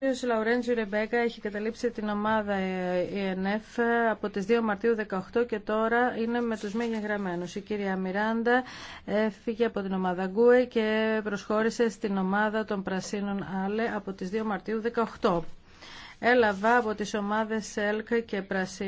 κύριος Λαουρέντζιου Ρεμπέκα έχει καταλήψει την ομάδα ε, ΕΝΕΦ από τις 2 Μαρτίου 18 και τώρα είναι με τους μη γραμμένους. Η κυρία Μιράντα έφυγε από την ομάδα Γκούε και προσχώρησε στην ομάδα των Πρασίνων Άλε από τις 2 Μαρτίου 18. Έλαβα από τις ομάδες Ελκ και Πρασίνων